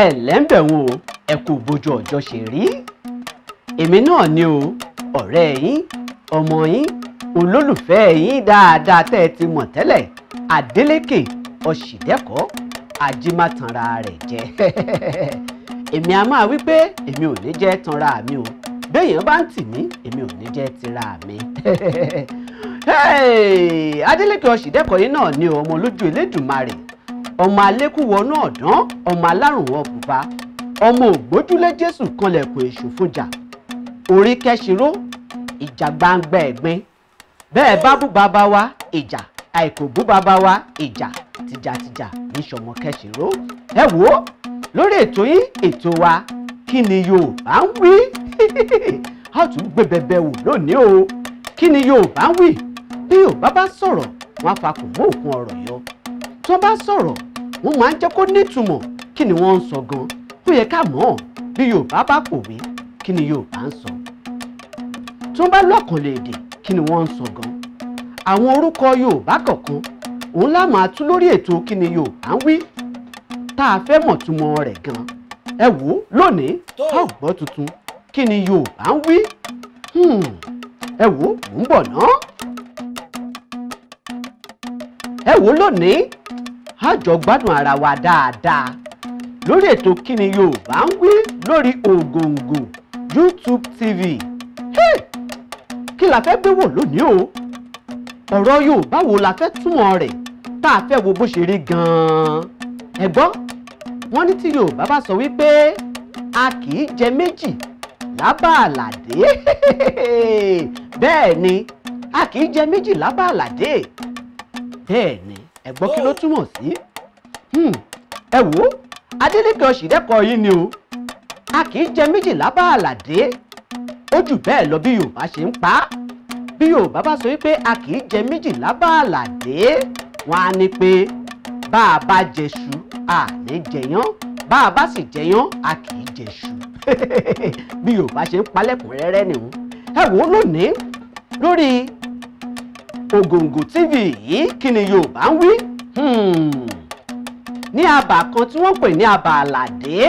ẹ lẹ́ńbẹ̀ wọn o ẹ kò bójú ọjọ́ ṣe rí èmi náà ni o ọ̀rẹ́ yín ọmọ yín olólùfẹ́ yín dáadáa tẹ́ ẹ ti mọ̀ tẹ́lẹ̀ Adélékè Ọ̀ṣìndẹ́kọ̀ ajímátànra rẹ̀ jẹ́ èmi a máa wí pé èmi ò ní jẹ́ tanra mi o béèyàn bá ń tì mí èmi ò ní jẹ́ tira mi Adélékè Ọ̀ṣìndẹ́kọ̀ yín náà ni ọmọ lójú Elédùmarè ọmọ alẹ́kùnwọ́nú ọ̀dán ọmọ alárùnwọ́ bùbá ọmọ ògbójúlé jésù kanlẹ̀kùn èṣù fúnjà orí kẹ́sìró ìjà gbangba ẹ̀gbin bẹ́ẹ̀ bá bú bàbá wa ìjà àìkò bú bàbá wa ìjà tìjàtìjà níṣọmọ kẹ́sìró ẹ wò ó lórí ètò yín ètò wa kí ni Yorùbá ń wí a tún gbé bẹbẹ wò lónìí o kí ni Yorùbá ń wí bí Yorùbá bá sọ̀rọ̀ wọn á fa kò mú òkun ọ̀rọ̀ yọ tó bá sọ̀rọ̀ wọ́n máa ń jẹ́ kó nítumọ̀ kí ni wọ́n ń sọ gan ó yẹ ká mọ̀ ọ́ bí Yorùbá bá pòwe kí ni Yorùbá ń sọ tí wọ́n bá lọ́kànlẹ̀ èdè kí ni wọ́n ń sọ gan àwọn orúkọ Yorùbá kọ̀ọ̀kan òun la máa tú lórí ètò kí ni Yorùbá ń wí tá a fẹ́ mọ̀ túmọ̀ rẹ̀ gan ẹ wò ó lónìí tá ò gbọ́ tuntun kí ni Yorùbá ń wí hmm. ẹ wò ó mò ń bọ̀ náà ẹ wò ó lónìí a jọ gbádùn ara wa dáadáa lórí ètò kíni Yorùbá ń wí lórí Ògòǹgò YouTube TV hey! kí la fẹ́ gbé wò lónìí o ọ̀rọ̀ Yorùbá wo la fẹ́ túmọ̀ rẹ̀ tá a fẹ́ wo bó ṣe rí gan-an ẹ gbọ́ wọ́n ní tí Yorùbá bá sọ wípé a kì í jẹ méjì lábà àlàdé bẹ́ẹ̀ ni a kì í jẹ méjì lábà àlàdé bẹ́ẹ̀ ni ẹ̀gbọ́n kí ló túmọ̀ sí hmm, ẹ wò ó Adeleke Ọ̀ṣìrẹ́kọ̀ yìí ni o a kì í jẹ méjìlá bá àlàdé ó jù bẹ́ẹ̀ lọ bí Yorùbá ṣe ń pa á bí Yorùbá bá sọ wípé a kì í jẹ méjìlá bá àlàdé wọn á ní pé bá a bá jẹṣu a ní jẹyán bá a bá sì jẹyán a kì í jẹṣu bí Yorùbá ṣe ń palẹ̀kùn rẹ́rẹ́ nìhun ẹ wò lónìí lórí Ògòǹgò TV yìí kí ni Yorùbá ń wí hmm. ní abà kan tí wọ́n pè ní abà àlàdé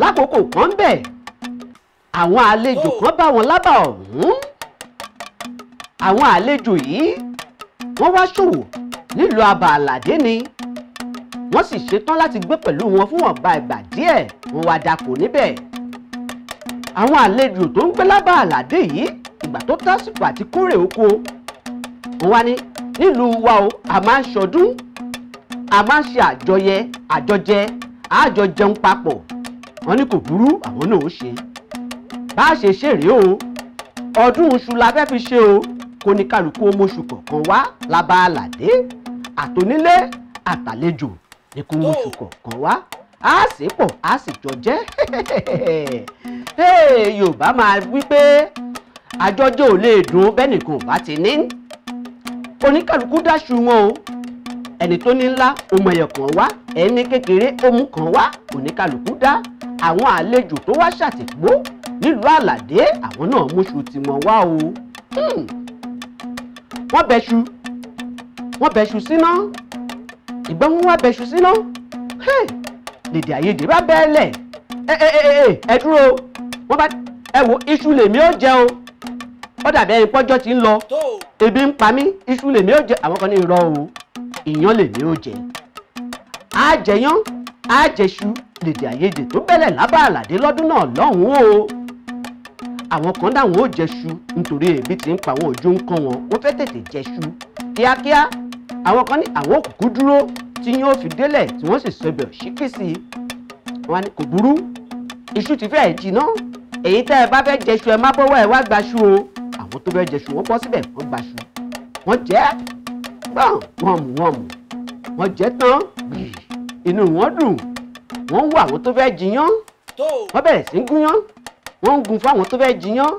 lákòókò kan bẹ̀ àwọn àlejò oh. kan bá wọn lábà ọ̀hún àwọn àlejò yìí wọ́n wá ṣòwò nílùú abà àlàdé ni wọ́n sì ṣetán láti gbé pẹ̀lú wọn fún ọ̀gbà ìgbà díẹ̀ wọ́n wá dapò níbẹ̀ àwọn àlejò tó ń gbé lábà àlàdé yìí ìgbà tó tásìkò àti kórè oko ó wá ní nílùú wa o a máa ń ṣọdún a máa ń ṣe àjọyẹ àjọjẹ àjọ jẹun papọ̀ wọ́n ní kò burú àwọn náà ó ṣe bá a ṣe ṣe rèé o ọdún oṣù la fẹ́ fi ṣe o kò ní kálukú omoṣù kọ̀ọ̀kan wá lábàládé àtònílé àtàlejò ní kó omoṣù kọ̀ọ̀kan wá a sì pọ̀ a sì jọ jẹ́ Yorùbá máa wí pé àjọjọ́ ò lè dùn bẹ́ẹ̀ nìkan bá ti ní oníkàlùkù dáṣu wọn o ẹni tó ní ńlá ọmọ ẹ̀yọ̀ kan wá ẹni kékeré ọmú kan wá oníkàlùkù dá àwọn àlejò tó wá ṣàtìgbó nílùú àlàdé àwọn náà múṣu tiwọn wá o hmm. wọ́n bẹṣu wọ́n bẹṣu síná ìgbọ́n wọn wá bẹṣu síná lèdè àyèdè bá bẹ́ẹ̀ lẹ̀ ẹ ẹ ẹ ẹ dúró ẹ wo iṣu lèmi ó jẹ o ó dàbí ẹni pọ́jọ́ ti ń lọ ebi ń pa mí iṣu lèmi ò jẹ àwọn kan ní irọ́ o ìyàn lèmi ò jẹ àjẹyàn àjẹṣu lèdè àìyedè tó bẹ̀rẹ̀ lábá àlàdé lọ́dún náà lọ́hùn-ún o àwọn kan dáhùn ó jẹṣu nítorí ebi ti ń pa àwọn ojú ń kàn wọn wọ́n fẹ́ tètè jẹṣu kíákíá àwọn kan ní àwọn òkùnkùn dúró tí yóò fi délẹ̀ tí wọ́n sì sọbẹ̀ ṣíkì sí i wọn ni kò burú iṣu ti fẹ́ẹ̀ jiná èyí tẹ́ ẹ bá fẹ́ jẹṣu ẹ má bọ́wọ́ ẹ wá gbaṣu o àwọn tó fẹ́ jẹṣu wọ́n bọ́ síbẹ̀ wọ́n gbaṣu wọ́n jẹ́ gbọ́n wọ́n mú wọ́n mú wọ́n jẹ́ tán inú wọn dùn wọ́n ń wá àwọn tó fẹ́ jiyán wọ́n bẹ̀rẹ̀ sí gúnyán wọ́n ń gun fáwọn tó fẹ́ jiyán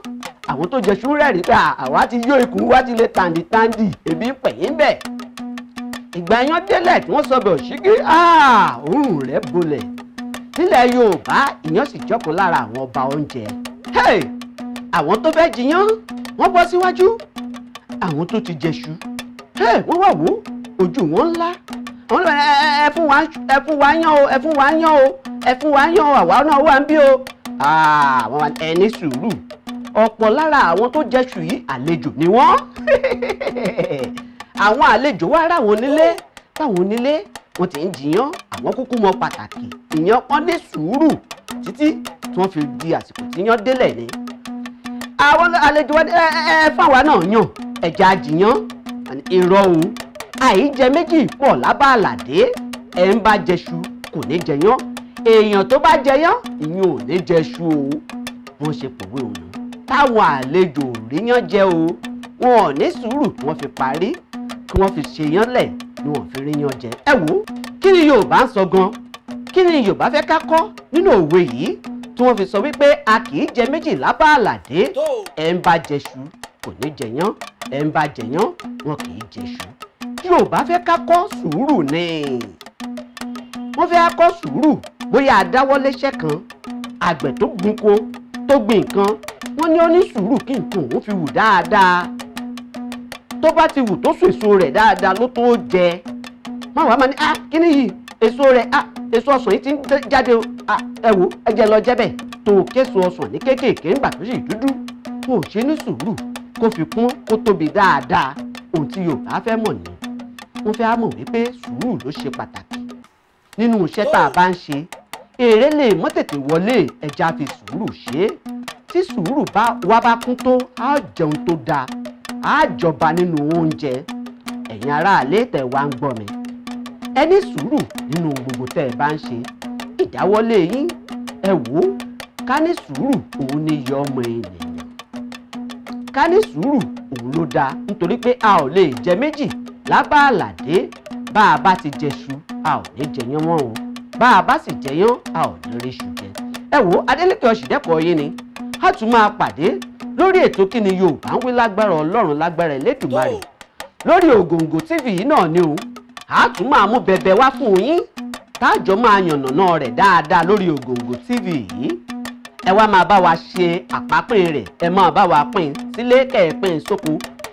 àwọn tó jẹṣu rẹ̀rìn pé àwa ti yó ikùn wá ti lè tàǹdìtàǹdì ebi ń pẹ̀yìn bẹ̀ ìgbà yán délẹ̀ tí wọ́n sọ bẹ̀ òṣìkí òórùn rẹ̀ bolẹ̀ nílẹ̀ Yorùbá ìyàn sì jọ́kan lára àwọn ọba oúnjẹ. Hey! àwọn tó fẹ́ jiyán wọ́n bọ́ síwájú àwọn tó ti jẹṣu wọ́n wà wò ojú wọn ńlá ẹ fún wa ẹ fún wa yán o ẹ fún wa yán o ẹ fún wa yán o àwa náà wà ń bí o àwọn ẹni sùúrù ọ̀pọ̀ lára àwọn tó jẹṣu yìí àlejò ni wọ́n àwọn àlejò wá rà wọn nílé táwọn onílé wọn ti ń jiyán àwọn kúkú mọ pàtàkì ìyàn kan ní sùúrù títí tí wọ́n fi di àsìkò tíyán délẹ̀ ni àwọn àlejò ẹ ẹ fáwa náà yàn ẹja àjìyàn irọ́ o àìjẹ méjì pọ̀ lábá àlàdé ẹ̀ ń bá jẹṣu kò ní jẹyán èèyàn tó bá jẹyán ìyẹn ò ní jẹṣu o wọ́n ṣe pòwe òun táwọn àlejò ríyán jẹ o wọn ò ní sùúrù wọ́n fi parí kí wọ́n fi ṣèyán lẹ̀ ni wọ́n fi ríyán jẹ ẹ wò kí ni Yorùbá ń sọ gan kí ni Yorùbá fẹ́ ká kọ́ nínú òwe yìí tí wọ́n fi sọ wípé a kì í jẹ méjì lábá àlàdé ẹ̀ ń bá jẹṣu kò ní jẹyán ẹ̀ ń bá jẹyán wọn kì í jẹṣu yorùbá fẹ́ ká kọ́ sùúrù ni wọ́n fẹ́ kọ́ sùúrù bóyá a dáwọ́ léṣẹ́ kan àgbẹ̀ tó gbinko tó gbin nǹkan wọ́n ní ó ní sùúrù kí nǹkan òun fi wù dáadáa tó bá ti wù tó sùn èso rẹ̀ dáadáa ló tó jẹ má wàá máa ní ah kí ni yìí èso rẹ̀ ah èso ọsàn yìí ti ń jáde ẹ wò ẹ jẹ́ lọ jẹ́ bẹ́ẹ̀ tó késo ọsàn ní kéékèèké ńgbà tó sì dúdú kò ṣe ní sùúrù kó fi kún kó tóbi dáadáa ohun tí Yorùbá fẹ́ mọ̀ ni wọ́n fẹ́ mọ̀ wípé sùúrù ló ṣe pàtàkì nínú iṣẹ́ tá a bá ń ṣe èrè lè mọ́ tètè wọlé ẹja fi sùúrù ṣe é tí sùúrù wá bá kún tó á jẹun tó dáa á jọba nínú oúnjẹ ẹ̀yin aráalé tẹ̀ wá ń gbọ́ mi ẹ ní sùúrù nínú gbogbo tẹ́ ẹ bá ń ṣe ìdáwọ́lé yín ẹ wò ó ká ní sùúrù òun ní yọ ọmọ ènìyàn ká ní sùúrù òun ló dáa nítorí pé a ò lè jẹ méjì lábá àlàdé bá a bá ti jẹṣu a ò ní jẹyán mọ́ o bá a bá sì jẹyán a ò ní rí ṣù jẹ ẹ wò ó Adeleke Ọ̀ṣìndẹ́pọ̀ yín ni a tún máa pàdé lórí ètò kíni Yorùbá ń wí lágbára Ọlọ́run lágbára Elédùmarè lórí Ògòǹgò TV yìí náà ni òun a tún máa mú bẹ̀bẹ̀ wá fún yín táàjọ máa yànnàná rẹ̀ dáadáa lórí Ògòǹgò TV yìí ẹ wá máa bá wa ṣe àpápín rẹ̀ ẹ máa bá wa pín sílé kẹ́ sóko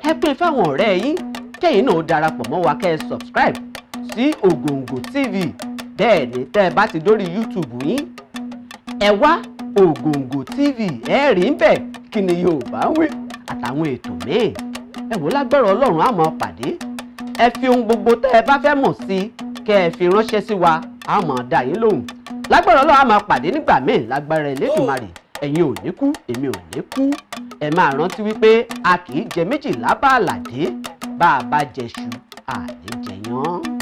ẹ pín fáwọn ọ̀rẹ́ yín kẹ́yìn náà darapọ̀ mọ́ wa kẹ́ ẹ subscribe sí Ògòǹgò TV bẹ́ẹ̀ ni tẹ́ ẹ bá ti dórí YouTube yín ẹ wá Ògòǹgò TV ẹ rí ń bẹ̀ kí ni Yorùbá ń wí àtàwọn ètò míì ẹ wò lágbára Ọlọ́run á pàdé ẹ fi ohun gbogbo tẹ́ ẹ bá fẹ́ mọ̀ sí kẹ́ ẹ fi ránṣẹ́ sí wa a máa dá yín lóhùn lágbára Ọlọ́run a máa pàdé nígbà míì lágbára Elédùmarè ẹ̀yin ò ní kú èmi ò ní kú ẹ máa rántí wípé a kì í jẹ méjìlá bá àlàdé bá a bá jẹṣu àlejẹyàn.